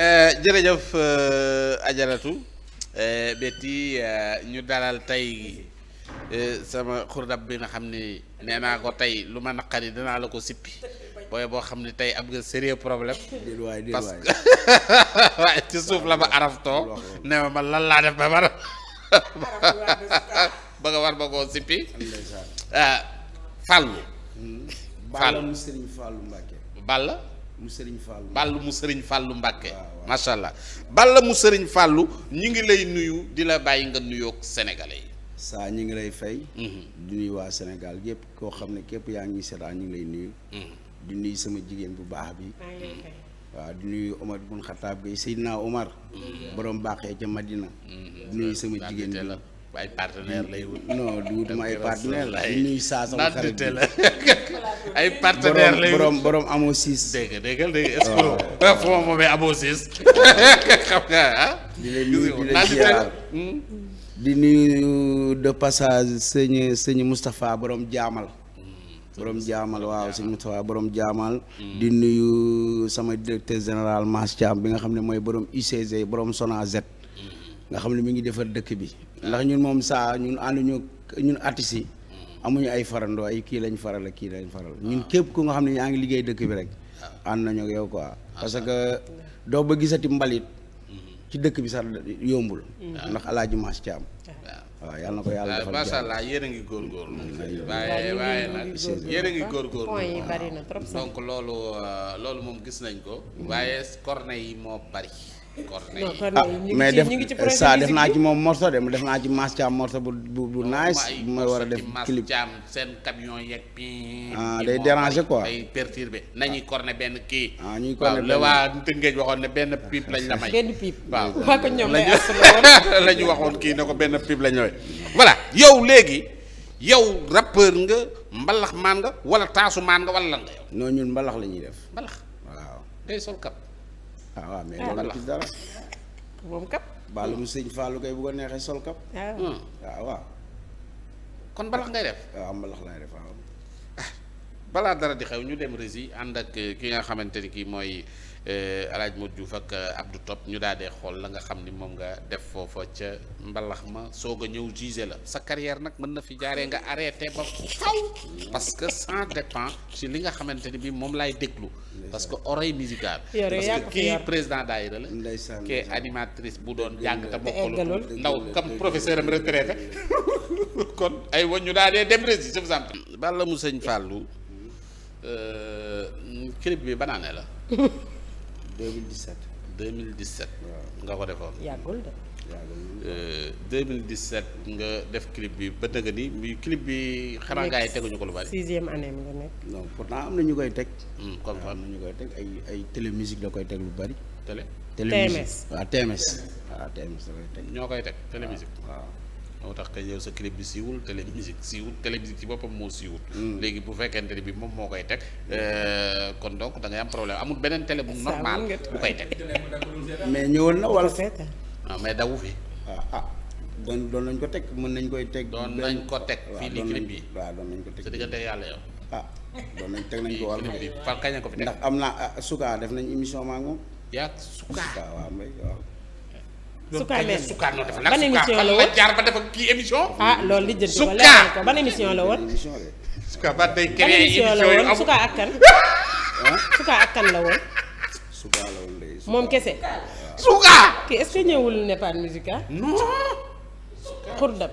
Eh, jërëjëf eh, ajaratu eh, Betty ñu dalal tey sama xurdab bi nga xam ni nee naa ko tey lu ma naqari dinaa la ko sippi booy boo xam ne tey am nga sérieux problème parce waaye ci suuf la ma araftoo ne ma man lan laa def ba war ba nga war ba koo sippi Fallou hmm. Fallou Serigne mu sëriñ fàllu bàll mu sëriñ fàllu mbàkke macha allah bàll mu sëriñ fàllu ñu ngi lay nuyu di la bàyyi nga nuyoog sénégalais yi saa ñu ngi lay fay mhm. du nuyu waa sénégal yépp koo xam ne képp yaa ngi seetaan ñu ngi lay nuyu mhm. di nuyu sama jigéen bu baax bi mhm. waaw di nuyu Omar bun Xataab gay Seydina Omar borom baaxee ca Madina di nuyu sama jigéen bi ay partenaire lay wut. ay partenaire la la ay partenaire lay wut borom borom amoo siis. dégg nga dégg nga dégg est-ce que di nuyu de passage sëñ sëñ Moustapha borom jaamal. Hmm. borom jaamal waaw sëñ Moustapha borom jaamal. Hmm. di nuyu sama directeur général Mass Thiam bi nga xam ne mooy borom UCG borom Sona Z. Hmm. nga xam ne mu ngi defar dëkk bi. ndax ñun moom saa ñun ànduñu ñun artistes yi amuñu ay farandoo ay kii lañ faral kii lañ faral ah. ñun képp ku nga xam ne yaa ngi liggéey dëkk bi rek ah. ànd nañu yow ko ah. parce que doo ba gisati mbalit ci dëkk bi sax yombul ndax alaaji maas ci am waaw yàlla na ko yàlla defal macha allah a ngi góorgóorlu waaye waaye nag yéen a ngi euh, loolu moom gis nañ ko mm. waaye corne yi moo bari Ah, mais def saa def naa ci moom morso de def naa ci Mass Thiam morso bu bu bu oh nice bu may war a def clip seen camion yeeg bi ah day déranger quoi day perturber nañuy ah. corné benn kii ah ñuy corné la waa Tëngéej waxoon ne benn pipe la may benn pipe waaw waa ko ñoom la ñu waxoon kii ne ko benn pipe la may voilà yow léegi yow rappeur nga mbalax maan nga wala taasumaan nga wala lan nga yow non ñun mbalax la ñuy def mbalax waaw ah waaw mais ah. loolu la ci dara. moom kap. baalum sëñ Fallou kay bu ko neexee sol kap. Ah. Hmm. Ah, waaw kon balax ngay def. waaw mbalax laay def waaw. balaa dara di xew ñu dem rési ànd ak ki nga xamante ni kii mooy. Euh, alaaj Modou Diouf ak euh, Abdou Top ñu daal dee xool la nga xam ni moom nga def foofa ca mbalax ma soog a ñëw jugé la sa carrière nag mën na fi jaaree nga arrêté ba faw parce que ça dépend ci li nga xamante ni bi moom lay déglu parce que oreille musicale parce kii président daayira la kee animatrice bu doon jàng te bokkalul ndaw comme professeur am retraité kon ay wañ ñu daal dee dem rési je en prie bala mu sëñ Fallou euh, clip bi banaane la 2017. 2017. waaw nga ko defoon. yàggul de. yàggul 2017 euh, nga def clip bi ba dëgg ni bi clip bi xanaa gars teguñu ko lu bari. sixième année mi nga nekk. non pourtant am na ñu koy teg. Hmm, comme am na ñu koy teg ay ay télémusique da koy teg lu bari. télé. télémusique TMS waaw TMS. waaw TMS da ñoo koy teg télémusique waaw. moo tax kay sa clip bi siiwul télé musique siiwul télé musique ci boppam moo siiwul. Mm. léegi bu fekkente ne bi moom moo koy teg euh, kon donc da am problème amul beneen télé bu normal bu koy teg. mais ñëwal na wala seeta. ah mais dawu fi. ah, ah. doon nañ ko teg mën nañ koy teg. doon nañ ko teg fii li clip bi waaw doon nañ ko teg sa diggante yàlla yow. ah doon nañ teg nañ ko wàllu bi par kañ ko fi teg ndax am naa ah, suka def nañ émission maa ngi moom. yaa suka sukaar leen sukaar noonu la jaar ba dafa kii émission. ah loolu li jënd ko leeral ko ban émission la woon. sukaar ba day créé émission la woon sukaar ak kan. sukaar ak kan la woon. moom kese. sukaar kii est-ce que ñëwul Nepad Musica. Ah? non. xurdab.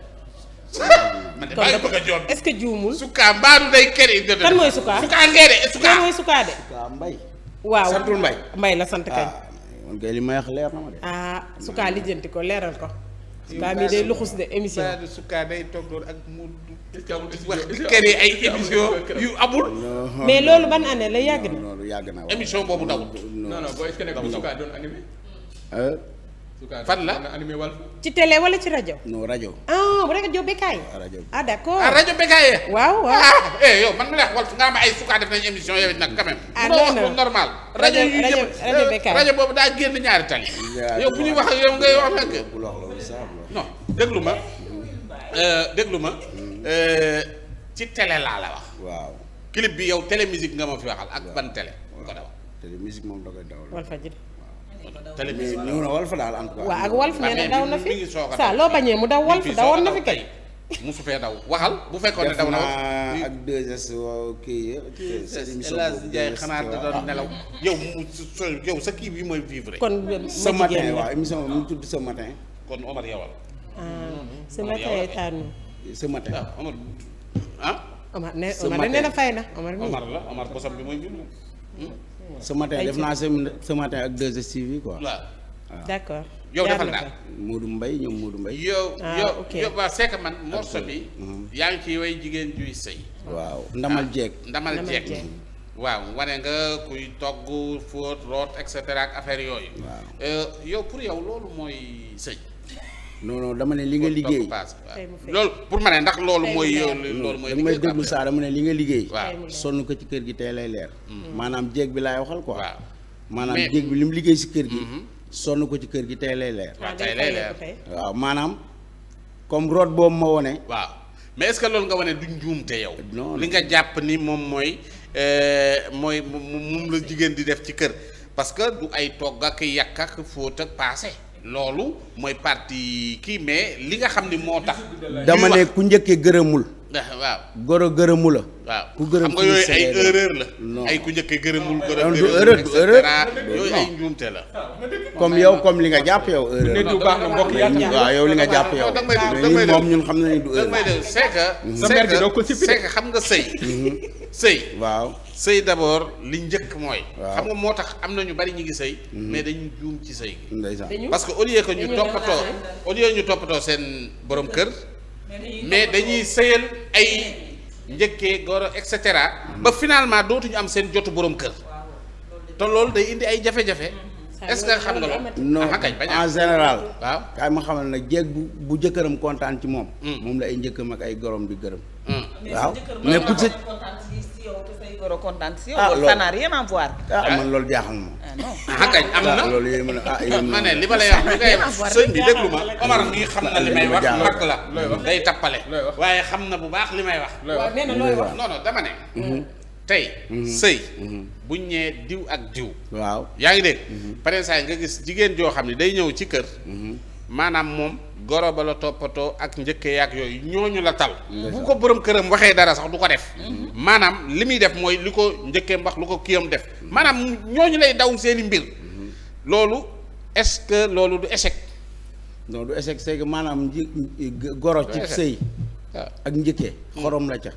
man de maa ngi bëgg a jox est-ce que juumul. kan mooy sukaar sukaar ngee de sukaar. kan mooy sukaar waaw santul mbay mbay la sant kañ. Ah. man kay li leer na ma de. ah sukaa lijjanti ko leeral ko. sukaa mi day luxus de émission bi sukaa day togg ak mu. wax di yu amul. mais loolu ban année la yàgg na. loolu yàgg na émission boobu dawul. non non doon animé. Euh? fan la ci télé wala ci rajo. non rajo. ah bu rajo Bécaye. Ah, rajo ah d'accord ah rajo Bécaye. waaw waaw ah eh yow man mi lay Walf nga am ay sukaa def nañu émission yow it nag quand même. ah non non normal. rajo yu rajo rajo eh, Bécaye rajo boobu daa génn ñaari tali. yow bu ñuy wax yow ngay wax nag. non déglu ma euh, déglu ma euh, ci télé laa la wax. waaw clip bi yow télé musique nga ma fi waxal ak ban télé. nga ko dawal télé musique moom da koy dawal. télévision ñëw na Walf daal en tout cas. waaw ak Walf nee na daw na fi saa loo bañee mu daw Walf dawoon na fi kay. musu fee daw waxal bu fekkoon ne daw na ak 2S kii El Hadj Ndiaye xanaa da doon nelaw yow yow sa kii bi mooy kon ce matin waaw émission mu tudd ce matin. kon Omar yowal. Ah, hmm. ce matin étaanu. Ah, ce matin waaw Omar ah. Omar nee Omar na fay na Omar. Omar la Omar bosam bi mooy jublu. ce matin def naa ce matin ak 2STV quoi. waaw d'accord. yow defal naa Modou Mbaye ñoom Modou Mbaye yow ah, yow yow waaw c'est man morceau bi mhm. yaa ngi ciy way jigéen juy sëy waaw ndamal jeeg ah, ndamal jeeg waaw wane nga kuy togg fóot root et cetera ak yooyu waaw euh, yow pour yow loolu mooy sëy non dama ne li nga liggéey loolu pour ma ne ndax loolu mooy loolu mooy danga may déglu saa dama ne li nga liggéey waaw sonn ko ci kër gi tey lay leer mm-hmm. maanaam jéeg bi laay waxal ko maanaam jéeg bi li mu liggéey si kër gi mm-hmm. sonn ko ci kër gi tey lay leer waaw ah, tey lay leer waaw maanaam comme root boobu ma wone waaw mais est-ce que loolu nga wane du njuumte yow li nga jàpp ni moom mooy euh, mooy moom la jigéen di def ci kër parce que du ay togg ak yàq ak fóot ak paase loolu mooy parti kii mais li nga xam ni moo tax. dama ne ku njëkkee gërëmul. Ah, waaw goro gërëmu la. waaw ku gërëm ku yooyu ay erreur la. ay ku njëkk gërëmul gërëm gërëm et cetera yooyu ay njuumte la. comme yow comme li nga jàpp yow erreur bu baax na mbokk waaw yow li nga jàpp yow. moom ñun xam nañu du erreur. c'est que. c'est xam nga sëy. Mhm. sëy waaw sëy d'abord li njëkk mooy. xam nga moo tax am na ñu bari ñu ngi sëy. Mhm. mais dañuy juum ci sëy gi. parce que au lieu que ñu toppatoo au lieu ñu toppatoo seen borom kër. mais dañuy sëyal ay njëkkee goro et cetera. ba mhm. finalement dootuñu am seen jotu borom kër. te loolu day indi ay jafe-jafe. Mhm. est-ce que xam nga loolu non ah, en général waaw kaay ma xamal na jeeg bu bu jëkkëram kontaan ci moom hmm. moom la ay njëkkam ak ay gorom di gërëm hmm. waaw mais ku sa ah loolu ça n'a rien à ah man loolu jaaxal ma. Ah, ah, am loolu yéen ma ne li ma lay wax li ngay wax sëñ bi déglu Omar mii xam na li may wax mag la day tappale waaye xam na bu baax li may wax. looy wax non dama ne. Mm-hmm. tey. Mhm. sëy mhm. buñ ñee diw ak diw. waaw yaa ngi dégg. Mhm. pare saa nga gis jigéen joo xam ne day ñëw ci kër. maanaam moom goro ba la toppatoo ak njëkkee yaak yooyu ñooñu la tal. bu ko borom këram waxee dara sax du ko def. maanaam li muy def mooy li ko njëkkee mbax lu ko kii kiyam def. maanaam ñooñu lay daw seeni mbir. loolu est-ce loolu du échec. non du échec c'est maanaam nji goro. ci sëy ah. ak njëkkee xorom la ca.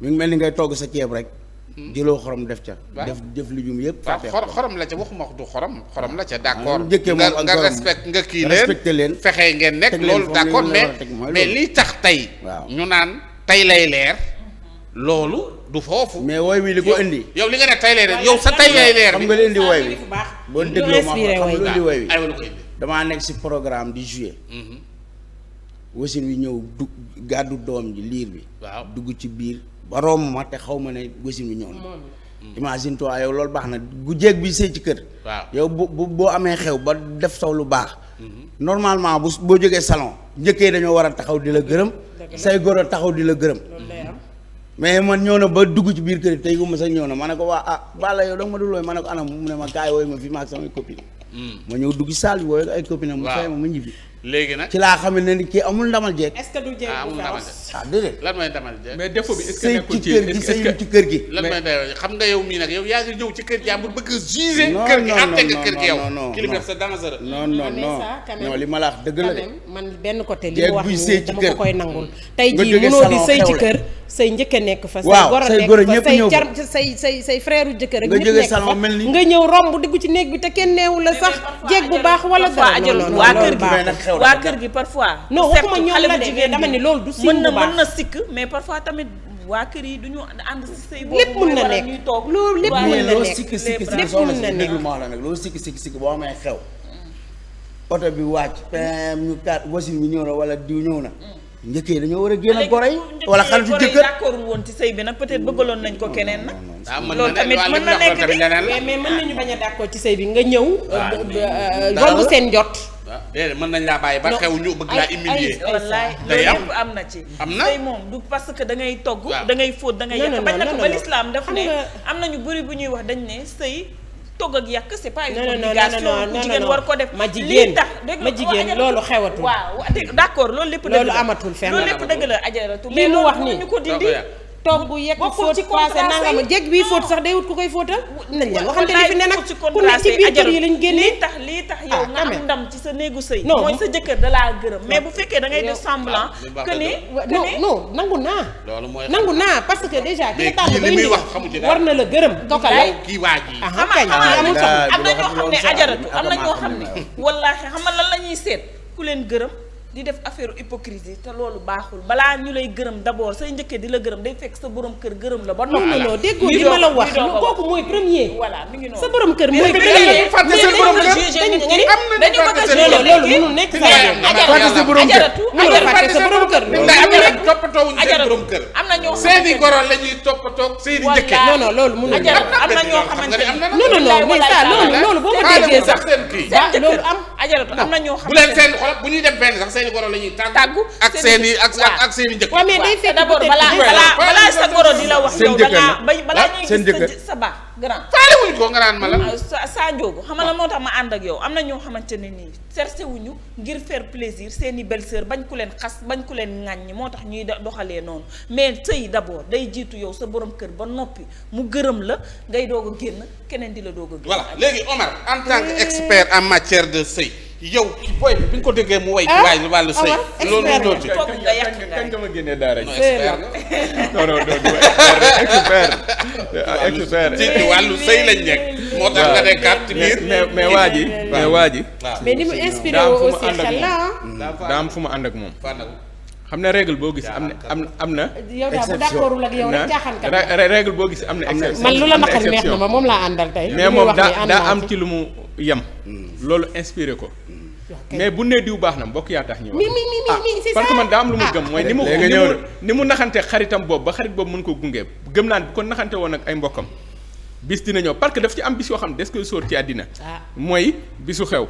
mi ngi mel ni ngay togg sa ceeb rek. Hmm. jëloo xorom def ca. def def lijum yëpp. xorom la ca waxuma du xorom. xorom la ca ah, d' accord nga nga respect leen respecté leen. fexe ngeen nekk loolu d' lii tax tey. waaw naan tey lay leer. loolu du foofu. mais woy wi li ko indi. yow li nga ne tey lay leer yow sa tey lay leer. xam nga li indi wooy wi boo dégloo ma xam nga li indi wooy wi damaa nekk si programme di juillet. Mhm. wasin wi ñëw du gàddu doom ji liir bi. waaw dugg ci biir. ba romb ma te xaw ma ne wasin bi ñëw na imagine toi yow loolu baax na gu jéeg bi sëy ci kër waaw yow bu bu boo amee xew ba def saw lu baax mhm. normalement bu boo jógee salon njëkkee dañoo war a taxaw di la gërëm say góor a taxaw di la gërëm mais man ñëw na ba dugg ci biir kër tey uma sax ñëw na ma ne ko waa ah bala yow danga ma dul wooy ma ne ko anam mu ne ma kaay wooyu ma fi ma ak samay copine mm. ma ñëw dugg saal bi wooyu ay copine am mu fay ma ma ñibbi léegi nag ci laa xam ne ni kii amul ndamal jeeg. est-ce que du jeeg ah, amul ah, déedéet. lan mooy ndamal jeeg mais défaut bi ci kër gi sëy ci kër gi. xam nga yow mii nag yow yaa ngi ñëw ci kër jàmbur bëgg a jugé. kër gi noon nga kër gi yow. non non li ma la dëgg la de. man benn côté li mu wax nii dama ko koy nangul. tey jii mënoo di sëy ci kër say njëkk nekk fa. waaw say góor a nekk fa say jar say say say frère jëkkër ak. ñëpp nekk fa nga ñëw romb diggu ci néeg bi te kenn neewu la sax. jéeg bu baax wala dara ajaloon gi waa kër gi parfois. non waxuma ñoom la de dama ne loolu du. signe bu baax mën na mën na sikk mais parfois tamit. waa kër yi du ñu ànd si say boobu lépp mën na nekk loolu lépp mën na nekk sikk sikk sikk soxna si déglu ma la nag loolu sikk sikk sikk boo amee xew mm. oto bi wàcc pm ñu kaat wasin bi ñëw na wala diw ñëw na mm. njëkk yi dañoo war a génn goro yi wala xaritu jëkkër d'accord woon ci sëy bi nag peut-être bëggaloon nañ ko keneen nag loolu ah, tamit mën na nekk de mais mën nañu bañ a d'accord ci sëy bi nga ñëw ah, euh, euh, euh, romb seen jot ah, déedéet mën nañ laa bàyyi ba xew ñu bëgg laa humilier wallaay loolu yëpp am na ci am na tey moom du parce que da ngay togg da ngay fóot da ngay yàq bañ na ko ba l'islam daf ne am nañu bëri bu ñuy wax dañ ne sëy togg ak yàq c'est pas une obligation ku jigéen war ko def ma jigéen tax dégg ma jigéen loolu xewatul waaw d'accord loolu lépp dëgg la loolu amatul fenn loolu lépp dëgg la ajaratu wax loolu ñu ko dindi togg yegg fóot passé nangam jég bii fóot sax day wut ku koy fóotal nañ leen waxante ne fi ne nag ku nekk ci biir yi lañ génnee lii tax lii tax yow nga ah, am ndam ci sa néegu sëy mooy sa jëkkër da laa gërëm mais bu fekkee da ngay def semblant ah, que ni non non nangu naa nangu naa parce que déjà ki nga tànn bay nii war na la gërëm dokalay kii waa ji ah kañ amul sax am na ñoo xam ne ajaratu am na ñoo xam ne wallaahi xam nga lan la ñuy seet ku leen gërëm di def affaire hypocrisie te loolu baaxul balaa ñu lay gërëm d'abord say njëkkee di la gërëm day fekk sa borom kër gërëm la ba non non non déggoo li ma la wax kooku mooy premier voilà mi ngi noonu sa borom kër mooy premier fàtte seen borom kër dañu bëgg a loolu loolu mënul nekk fàtte sa borom kër mënul fàtte sa borom kër am na ñoo xam ne goro la ñuy toppatoo seeni njëkkee non non loolu mënul am na ñoo xamante ne non non non mais ça loolu loolu boo ma déggee sax loolu am ajaratu am na ñoo xam ne bu leen seen xol bu ñuy dem benn sax seeni goro la ñuy tàggu ak seen ak ak seen i njëkk waaw mais balaa balaa sa goro di la wax yow da balaa ñuy ah, gis wuñ ko nga naan ma la. Ah, saa Ndiogou xam la moo tax ma ànd ak yow am na ñoo xamante ne nii cherché wuñu ngir faire plaisir seeni i belle bañ ku leen xas bañ ku leen ŋàññi moo tax ñuy doxalee noonu mais sëy d'abord day jiitu yow sa borom kër ba noppi mu gërëm la ngay doog a génn keneen di la doog a génn. voilà léegi Omar en tant mmh. expert en matière de sëy yow booy bi ñu ko déggee mu way. ah waaye wàllu sëy. loolu doo ci kañ nga ma génnee daara non non expert Ah, expert ci wàllu sëy lañ nekk. moo tax nga nekkaat ci biir. mais mais waa ji mais waa ji. Ah. mais ni mu inspiré woo aussi xel la daam fu mu ah. ànd ak moom. xam ne règle boo gis am na am am na. yow daal bu d'accordul boo gis am na. exception man lu la naqari neex ma moom laa àndal tey. mais moom daa daa am ci lu mu yam hmm. loolu inspire ko. mais bu nee diw baax na mbokk yaa tax ñu. mi mi mi mi c'est ça ah, parce que man daa am lu mu ah. gëm mooy. ni mu ni mu naxante xaritam boobu ba xarit boobu mën ko gunge gëm naan ko naxante woon ak ay mbokkam bis dina ñëw parce que daf ci am bis yoo xam ne des koy sóor ci àddina ah. mooy bisu xew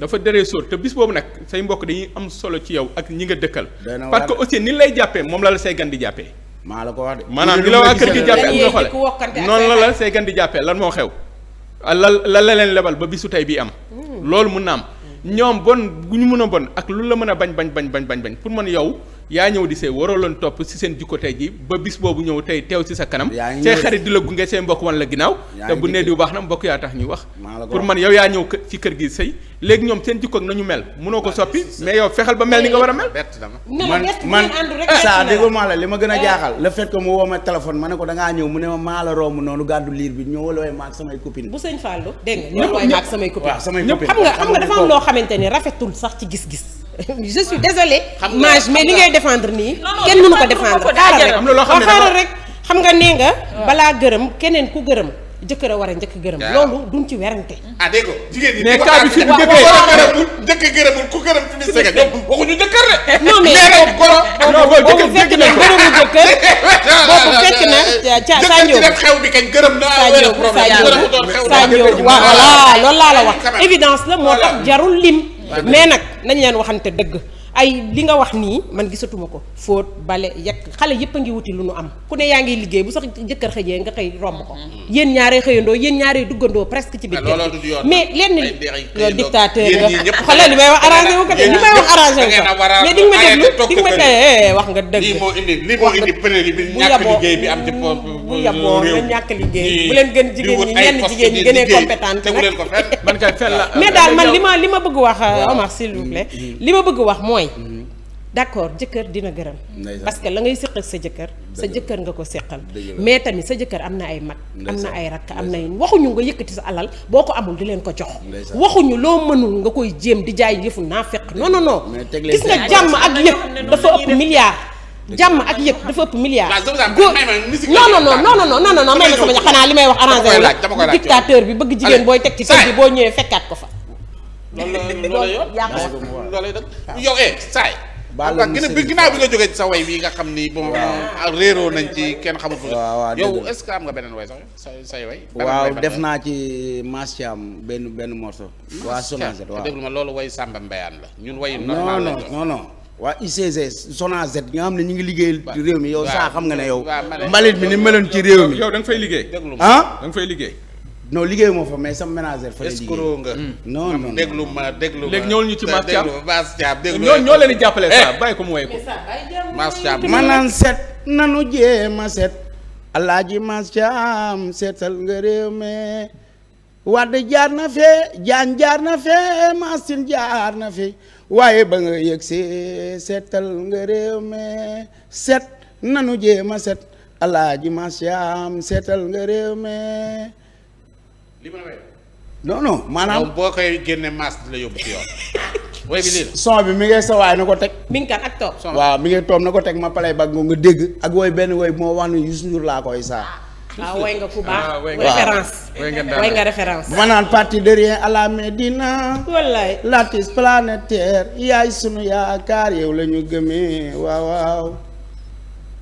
dafa dëree sóor te bis boobu nag say mbokk dañuy am solo ci yow ak ñi nga dëkkal parce que aussi ni lay jàppee moom la la say gan di jàppee maa maanaam ni la waa kër gi jàppee ak noonu la la say gan di jàppee lan moo xew la la leen lebal ba bisu tey bi am hmm. loolu mun na ñoom bon gu ñu mën a bon ak lu la mën a bañ bañ bañ bañ bañ pour man yow yaa ñëw di see waraloon topp si seen jikko tey ji ba bis boobu ñëw tey teew si sa kanam say xarit di la gunge say mbokk wan la ginnaaw te bu nee di baax yaa tax ñuy wax pour man yow yaa ñëw ci kër ñoom seen jikko ak nañu mel mënoo ko soppi mais yow fexeel ba mel ni nga war a mel man man saa li ma gën a eh. jaaxal le fait ma téléphone ma ne ko da ñëw mu ne ma maa la romb liir bi ñoo wala way maag samay copine bu sëñ Fallou dégg nga xam nga xam nga dafa loo xamante ni rafetul sax ci gis-gis je suis désolée. mange mais li ngay défendre nii. kenn mënu ko défendre xaaral rek xaaral rek xam nga nee nga. balaa gërëm keneen ku gërëm. jëkkër a war a njëkk gërëm. loolu duñ ci werante. ah dégg nga jigéen ñi mais cas bi fi mu njëkkee njëkk gërëmul ku gërëm fi mu sëgg de waxuñu jëkkër de. non na gërëmu jëkkër boobu fekk na ca bi kañ gërëm na saa ñëw saa ñëw waaw voilà loolu laa la wax évidence la moo tax jarul lim mais nag. nañ leen waxante dëgg ay li nga wax nii man gisatuma ko fóot bale yekk xale yëpp a ngi wuti lu nu am ku ne yaa ngi liggéey bu sax jëkkër xëjee nga xëy romb ko yéen ñaaree xëyandoo yéen ñaaree duggandoo presque ci biir ah, mais di nga ma déglu di ma tey eh, wax nga dëgg lii moo bu yaboo na ñàkk liggéey bu leen gën jigéen ñi ñenn jigéen ñi gënee compétente man kay fel la mais daal euh, man li ma li ma bëgg wax euh, Omar s'il mm-hmm. li ma bëgg wax mooy mooy mhm. d'accord jëkkër dina gërëm parce que la ngay séq ak sa jëkkër sa jëkkër nga ko séqal mais tamit sa jëkkër am na ay mag am na ay rakk am na waxuñu nga yëkkati sa alal boo ko amul di leen ko jox waxuñu loo mënul nga koy jéem di jaay yëfu naa fekk noo non noo gis nga jàmm ak yëpp dafa ëpp milliard jàmm ak yëpp dafa ëpp milliard góor non non non may ma sama ñax xanaa li may wax arrangé la dictateur bi bëgg jigéen booy teg ci kër bi boo ñëwee fekkaat ko fa loolu la yoon loolu la yow eh saay baal la bi ginnaaw bi sa way wi nga xam ni bon réeroo nañ ci kenn xamut ko. yow est-ce que am nga beneen way sax sa say way. waaw def naa ci Mastiam benn benn morceau. waa Sonazet waaw déglu loolu way Samba Mbayaan la ñun wayu normal la non non non. waa ICG Sonazet nga xam ne ñu ngi liggéeyal réew mi yow saa xam nga ne yow. mbalit mi ni meloon ci réew mi yow da nga fay liggéey. ah da nga liggéey. non liggéey moo fa mais sam ménagère fa la liggéey escroc nga. Mm. non non ñu ci Mass Thiam Mass Thiam déglu leen di jàppale eh! saa bàyyi ko ma naan set nanu jéem a set alaaji Mass Thiam seetal nga réew me na fee jaar na fee Mass Tine na fi waaye ba nga yëg see seetal nga set nanu jéem a set alaaji Mass Thiam seetal nga réew me li ma maanaam boo koy génne masse di la yóbbu ci yoon. woy bi lii son mi ngay sawaay na ko teg. mi ngi ak toog. waaw mi ngay toog na ko teg ma palay bag nga dégg. ak woy benn woy moo wax ni Youssou Ndour laa koy saa. waaw ah, woy nga ku baax ah, référence woy nga référence ma naan parti de rien à la Médina wallaay l'artiste planétaire yaay sunu yaakaar yow la ñu waaw waaw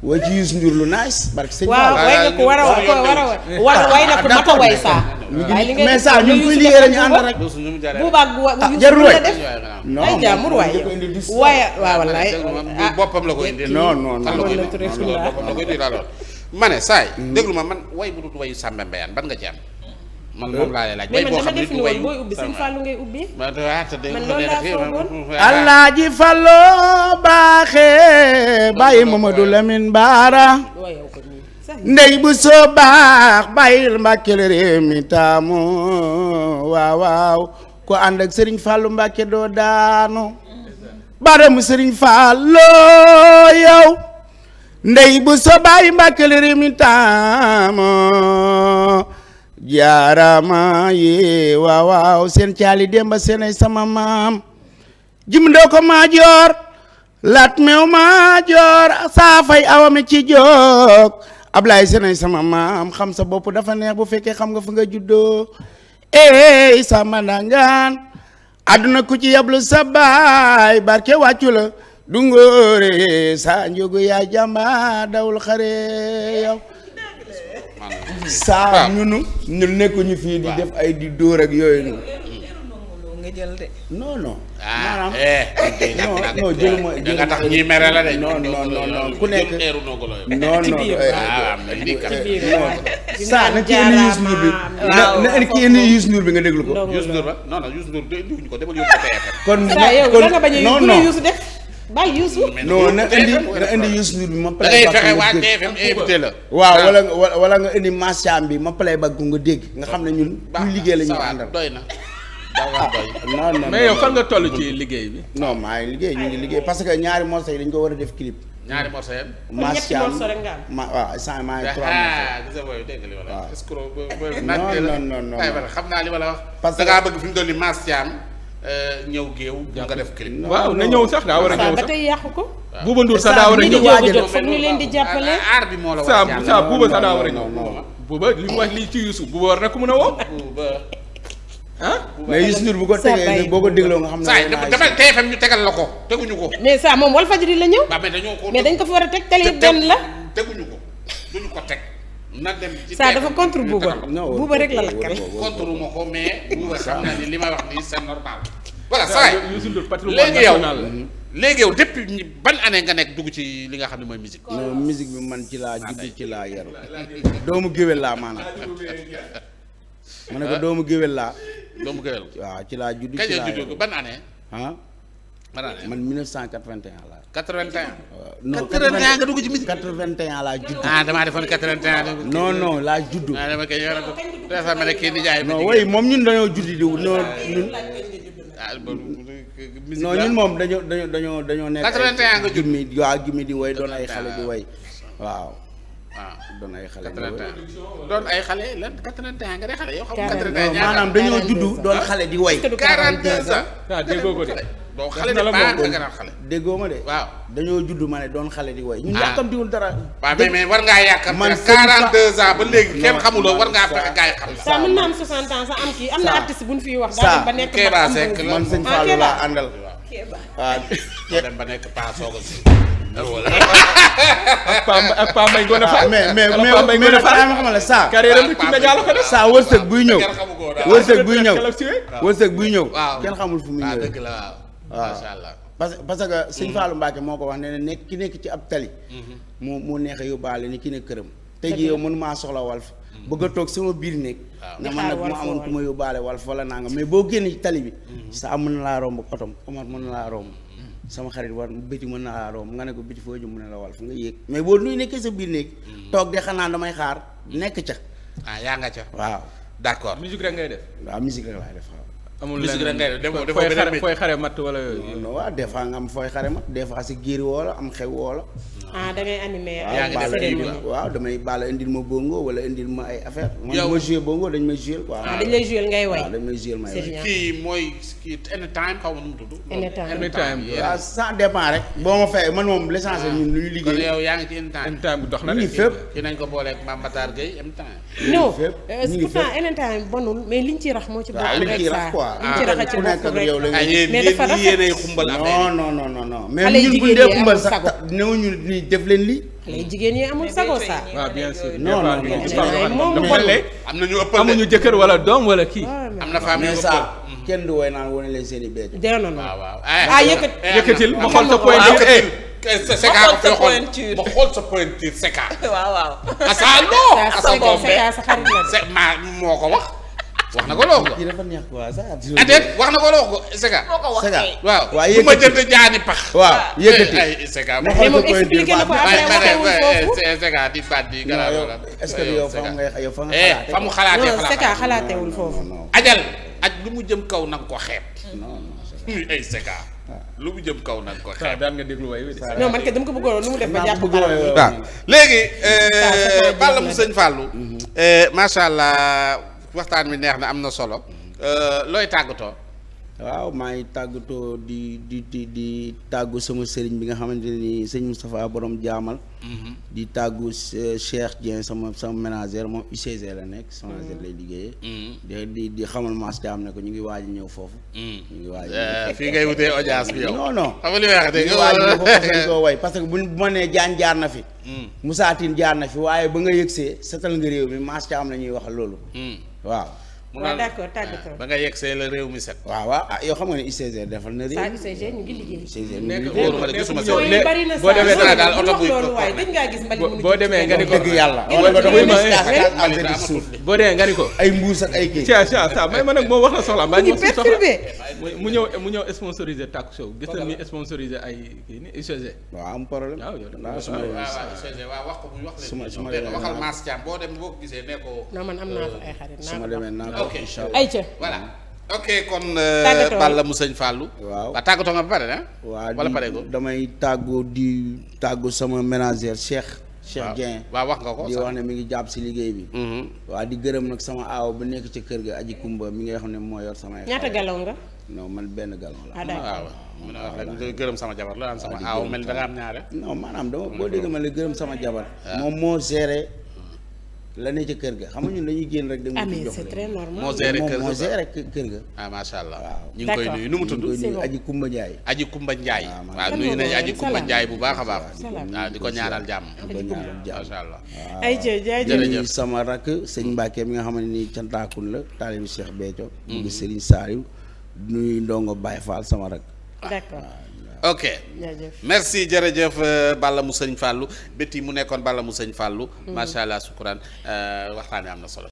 way ci Youssou Ndour lu nice barke sëñ waaw way nga ko war a way saa ah, mais saa ñu ngi koy rek ñu ànd rek bu ah, jarul way ay jaamur waay waaye ah. boppam la ko indi non non non boppam la ko indi alors ma ne saay mm. déglu man way bu dul wayu Samba Mbayaan ban nga ci man moom laa lay laaj. mais man dama ah, Baara. ndey bu soo baax bàyyil mbàkke la réew taamu waaw ko ànd ak Serigne Fallou Mbàkke doo daanu. baramu Serigne Falloo yow. ndey bu soo bàyyi mbàkke la réew taamu. jaarama ye waaw seen caali demba seenay sama maam jim ndoo ko maa laat meew maa joor saafay awame ci joog ablaay seenay sama maam xam sa bopp dafa neex bu fekkee xam nga fa nga juddoo eey sama ndangaan àdduna ku ci yablu sa baay barke wàccu la du saa njogu yaa jàmba dawul xare yow saa ñunu ñu nekkuñu fii di def ay di dóor ak yooyu noonu. nga jël de. non non. ah eh. non non jëluma jëluma nga tax ñi mere la de. non non non ku nekk. non saa na kii indi Youssou Ndour bi. na na kii nga déglu ko. Youssou Ndour ba non de Youssou Ndour dégluwuñu ko bàyyi Youssou. non na indi na indi Youssou Ndour bi ma. play back da ngay fexe waa TFM invité la. waaw ah. wala nga wala nga indi Massiam bi ma play back gu nga dégg nga xam ne ñun. ñu liggéey la ñu àndal doy na. ah non non mais yow fan nga toll ci liggéey bi. non maa ngi liggéey ñu ngi liggéey parce que ñaari morceaux yi dañu ko war a def clip. ñaari morceaux yëpp. Massiam ma waaw sànq maa ngi trois ah, morceaux. waaw non non non non. xam naa li ma la wax. parce que da ngaa bëgg fi mu toll nii Massiam Euh, ñëw géew. nga def clip. waaw na ñëw sax daa war a ñëw sax ba tey yàqu ko. buuba nduur sax daa war a ñëw foog ñu leen di jàppale. aar bi moo la war a jàppale saa buuba sax daa war a ñëw. buuba li mu wax lii ci Youssou buuba war na ko mën a woo. ah mais Youssou Ndour bu ko tegee boo ko dégloo nga xam ne. saa dafa TFM ñu tegal la ko teguñu ko. mais saa moom Walfadjri la ñëw. waaw mais ko mais dañ ko fa war a teg télé benn la. teguñu ko duñu ko teg. na dem ci saa dafa contre buuba buuba rek la lakkal. contre ma ko mais buuba xam na ni li ma wax nii c'est normal. voilà saa yi léegi yow léegi yow depuis ban année nga nekk dugg ci li nga xam ne mooy musique. non musique bi man ci laa judd ci laa yaru ah, doomu géwél laa maanaam. ma ne ko ah. doomu géwél laa. doomu géwél waaw ci laa judd ci laa yaru ban année. man 1981 laa. 81. Euh, non 81 nga dugg ci musique. 81 laa judd. ah damaa defoon 81. non laa judd. ah dama koy yor dafa mel ne kii nijaay. non oui moom ñun dañoo judd di non ñun. Ah, non moom dañoo dañoo dañoo dañoo nekk. 81 di way doon ay xale di way waaw. Ah. doon ay xale. 81 doon ay xale lan 81 nga de xale yow maanaam dañoo judd doon ah. xale di way. 42 ans déggoo doo xale de baax nga naan xale. dañoo judd ma ne doon xale di woy. ñun ah. yàkkamtiwul dara. waaw mais war ngaa yàkkam. man 42 ans ba léegi kenn xamuloo war ngaa fexe gars saa sa am na artiste bu ñu fiy wax. daal ba nekk Kéba ah, laa àndal. Ah, ba nekk Paa Soga si. ak Paa ak Paa Mbaye mais mais mais mais dafa saa. carrière am ci wërsëg buy ñëw. wërsëg buy ñëw. wërsëg buy ñëw. kenn xamul ñëw. macha allah parce parce que sëñ mm-hmm. Fallou moo ko wax ne ne nekk ki nekk ci ab tali. Mm-hmm. mu mu neex a yóbbaale ni ki ne këram. tey jii yow mën maa soxla walf mm-hmm. bëgg a toog sama biir néeg na man amoon ku ma yóbbaale walf wala nangam mais boo génn ci tali bi. saa mën na laa romb otom Omar mën na laa romb. na laa romb nga ne ko biti foo jëm mu ne la walf nga yéeg mais boo nuy nekkee sa biir nekk. toog de xanaa damay xaar nekk ca. ah nga ca. waaw d' accord. laay def waaw. amul lenn lenn fooy xare matt wala yooyu. non waaw des fois nga am fooy xare matt des fois si giir woola am xew woola. ah da ngay animé. yaa ngi def cérémonie waaw waaw damay baala indil ma bongo wala indil ma ay affaire man ma joué bongo dañ may joué quoi. ah dañ lay joué ngay way. waaw dañ may joué may way. kii mooy kii anytime xaw ma nu mu tudd. anytime anytime waaw ça dépend rek. boo ma fay man moom l'essentiel ñun lu ñu ah. liggéey. kon yow yaa ngi ci anytime. anytime bu dox na rek fépp. dinañ ko booleeg Mame Matar Gueye anytime. ñu ngi fépp euh, non pourtant anytime bonul mais liñ ci rax moo ci bokk rek quoi. Ah, ku nekk ak yow la ah, mais dafa rafet non non non non mais ñun bu dee xumbal sax mais am na jëkkër wala doom wala kii. Ah, am na femme yu ëppal kenn du woy naan wane leen seen i béy. delloo na sa point de ma xool sa eh, eh, point eh, moo ko wax. wax na ko loo ko. kii ah, wax na ko loo ko Seka. boo waaw. waaw ma jënd jaani pax. waaw yëkkati ay Seka. fa mu xalaatee. fa foofu ajal aj lu mu jëm kaw na nga ko xeeb. Ah. lu mu jëm kaw na ko xeeb. daan man kay dama ko bëggoon lu mu def jàpp waaw léegi. Euh, Balla mu mm-hmm. euh, allah. waxtaan bi neex na am na solo mm. euh, looy tàggatoo. waaw maa ngi tàggatoo di di di di tàggu sama sëriñ bi nga xamante ni sëñ Moustapha borom jaamal. Mm-hmm. di tàggu euh, Cheikh Dieng sama sama ménagère moom la nekk. Mm-hmm. ménagère lay liggéeyee. Mm-hmm. di di xamal maas am ne ko ñu ngi waaj ñëw foofu. Mm. ñu ngi waaj eh, fii ngay wutee audience bi yow. non non xam li wax nga koo way parce que bu ma nee jaan jaar na fi. Mm. Moussa Tine jaar na fi waaye ba nga yëgsee setal nga réew mi maas am la ñuy wax loolu. waaw. waaw d'accord tàggatoo ba nga yeg see la réew mi set. waaw waaw ah yow xam nga ne UCG defal na. réew UCG ñu ngi liggéey. UCG ñu ngi liggéey wóoruma de gisuma soo ne boo demee dana daal oto buy dañ ngaa gis mbalit mënu boo demee nga ni ko dëgg yàlla wala nga boo demee nga ni ko ay mbuus ay kii. caa caa may ma nag moo wax na soxla maa ngi wax suuf soxla mu ñëw mu ñëw sponsorisé Taku Show gis nañ ay e waa am problème waaw yow da su ma waaw wax ko boo dem boo gisee nee ko. man am naa fa euh, ay xarit naa ko demee naa ko incha allah ayca voilà. Hmm. kon euh, Balla mu sëñ fàllu waaw waaw tàggatoo nga ba pare ah. waa pare ko waaw damay tàggoo di tàggu sama ménagère Cheikh. Cheikh Dieng waaw wax nga ko di wax ne mi ngi jàpp si liggéey bi mm-hmm. waa di gërëm nag sama aaw bu nekk ci kër ga aji kumba mi nga xam ne moo yor samay ñaata galon nga non man benn galon la ah, ah, waaw mën a wax rek nga gërëm sama jabar la daan sama aaw mel da nga am ñaare non am dama boo dégg ma la gërëm sama jabar ah. moom moo géré la ne ca kër ga xam nga ñun dañuy génn rek. dem ci jox leen moo kër ga moo géré ah, macha allah waaw ñu ngi koy nuyu nu mu tudd. aji Kumba Ndiaye. aji Kumba Ndiaye. Ah, waaw nuyu nañu aji Kumba Ndiaye bu baax a baax. waaw ah, di ko ñaaral jàmm. di ko ñaaral jàmm sama rakk sëñ Mbacke mi nga xam ni nii cantaakun la taalibu Cheikh Béthio. Mm-hmm. mu ngi Serigne Saliou nuyu ndongo Baye Fall sama rakk. ok merci jërëjëf euh, Balla mu sëñ fàllu bétti mu nekkoon Balla mu sëñ fàllu macha mm. allah waxtaan euh, waxtaanee am na solo.